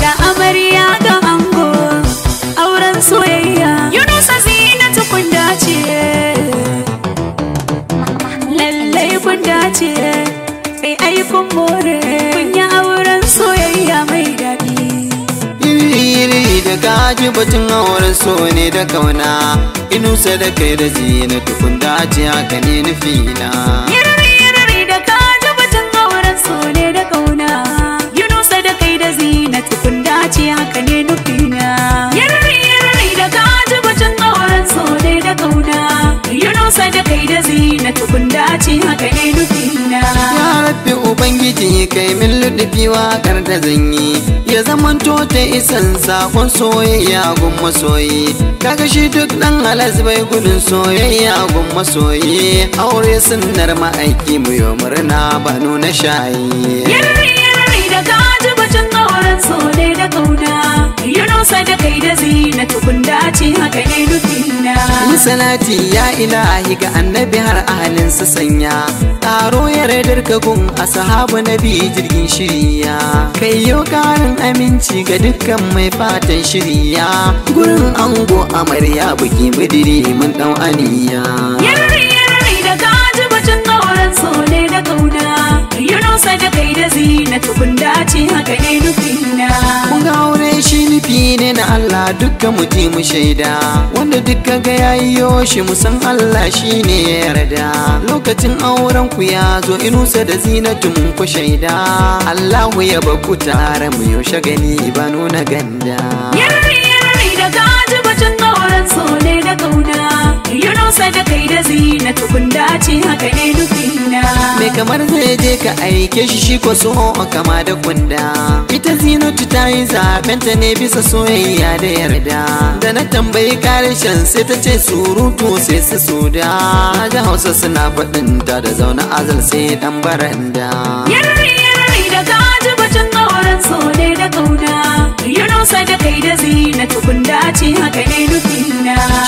Da amarya ga ango auren soyayya Yunusa zinatu kun dace Lallai kun dace ai ai kun more kun yi auren soyayya mai daɗi Iri da gaji batun auren so ne da kauna Inusa da kai da zinatu kun dace haka ne lazi na tukun dace haka ne nufina ya rabbi ubangiji kai min ludufi wakar da zanyi ya zaman ta isan sakon soyayya gun masoyi kaga shi duk ɗan halas bai gudun soyayya gun masoyi aure sunnar ma'aiki mu yo murna ba nuna shayi yarri yarri da ka bacin auren so ne da kauna so da kai da zina tukun dace haka ne nufina yi salati ya ilahi ga annabi har su sanya taro yardar ka gun ashabu nabi jirgin shirya kai yau karin aminci ga dukkan mai fatan shirya gurin ango amarya buki budiri mun dan aniya yarri da gaji bacin auren so ne da kauna yi da kai da zina tukun dace haka ne nufina ne na Allah dukka mu ji mu shaida wanda duka ga yayiyo shi mu san Allah shi ne ya yarda lokacin auren ku ya zo inusa da zinatun ku shaida Allahu ya baku tare mu yaushe gani ba nuna ganda yarri yarri da gaji bacin auren so ne da kauna Yunusa da kai da zina tukun dace haka ne nufina Me kamar zai je ka aike shi shi ko so kama da kunda Ita zinatu ta yi zaɓenta ne bisa soyayya da yarda Da na tambayi karshen sai ta ce surutu sai su soda Da hausa suna faɗin ta da zaune azal sai dan baranda Yarari yarari da ka ji bacin auren so ne da kauna ya da zina tukun dace haka ne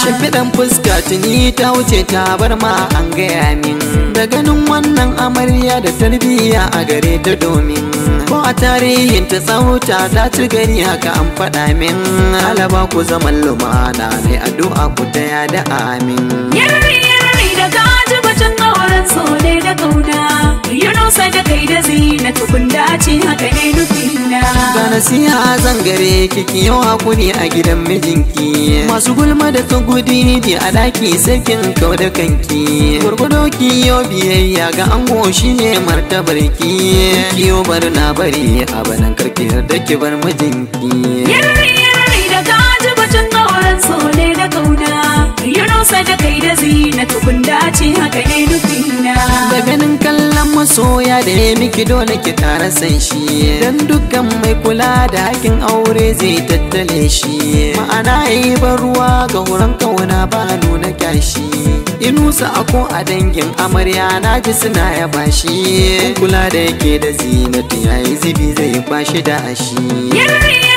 shimfiɗan fuska tuni ta wuce ta bar ma an gaya min da ganin wannan amarya da tarbiyya a gare ta domin ko a tarihin ta tsawuta ta ci gani haka an faɗa min alaba ku zama lumana a addu'a ku taya da amin yarri yarri da gaji bacin auren so da kauna ya rusa da kai da zina tukun dace haka ne siya zan gare kiki yau hakuri a gidan mijinki masu gulma da ka gudi di a ɗaki sarkin kau da kanki gurgudo ki yau biyayya ga ango ne martabar ki kiyo bar na bari a banan karki da ki bar mijinki yarri yarri da ka ji bacin so ne da kauna da zina tukun dace haka ne duk masoya da ya miki dole ki tara san shi dan dukkan mai kula da hakin aure zai tattale shi ma'ana yi ban ruwa ga wurin kauna ba nuna kyashi inusa ko a dangin amarya na ji suna ya bashi kula da yake da zinatu yayi zibi zai bashi da ashi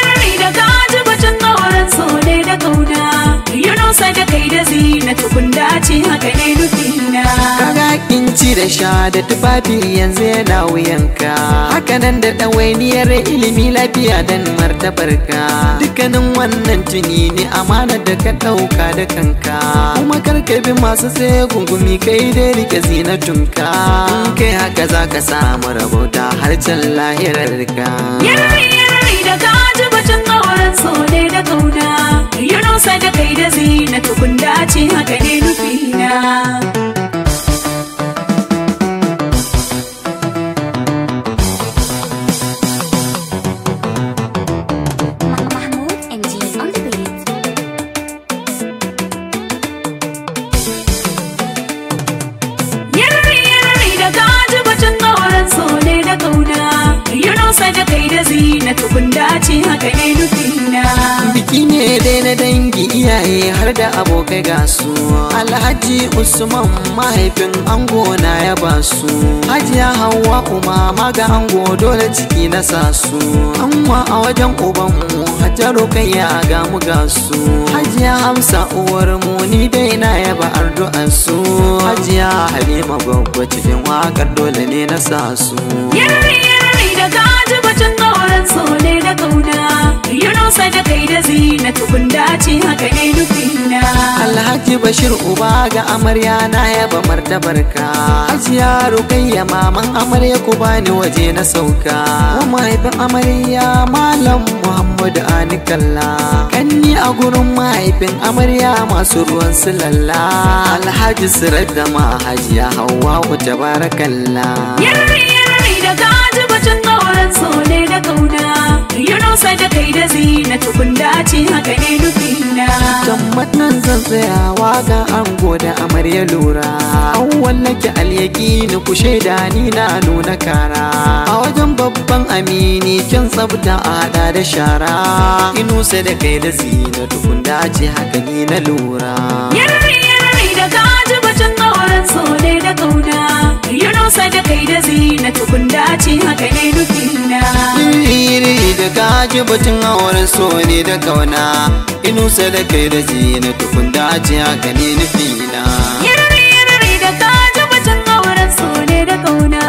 ci da sha da tufafi yanzu yana wuyanka hakanan da ɗawainiyar ilimi lafiya dan martabarka dukkanin wannan tuni ne amana da ka ɗauka da kanka kuma karkabi masu tsaye gungumi kai dai rike zinatunka in kai haka za ka samu rabauta har can lahirarka yarari yarari da ka ji bacin auren so ne da kauna da kai da dace haka ne nufina ce haka ne nufina biki ne dai na dangi iyaye har da abokai ga su alhaji usman mahaifin ango na ya ba su hajiya hawa kuma maga ango dole ciki na sa su amma a wajen ubanmu hajjaro kai ya ga mu ga su hajiya hamsa uwar mu ni dai na yaba addu'ar su hajiya halima gwaggwa cikin wakar dole ne na sa su yarri yarri da gaji bacin so ne da kauna yi rusa da kai da zina tukun dace haka ne nufina alhaji bashir uba ga amarya na yaba martabar ka ajiya rukayya maman amarya ku bani waje na sauka wa mahaifin amarya malam muhammadu anikalla kanni a gurin mahaifin amarya masu ruwan su lalla alhaji sirar da hajiya hawa ku tabarakalla yarri yarri da gaji bacin auren so ne da kauna da zina tukun dace haka ne nufina tammat nan zan tsaya ga ango da amarya lura auwan nake alyaki ni kushe da ni na nuna kara a wajen babban amini kin tsabta ada da shara inusa da kai da zina tukun dace haka ne na lura ke batun auren so ne da kauna sai da kai da zina tukun da aji haka ne nufina yarari yarari da ka ji batun auren so ne da kauna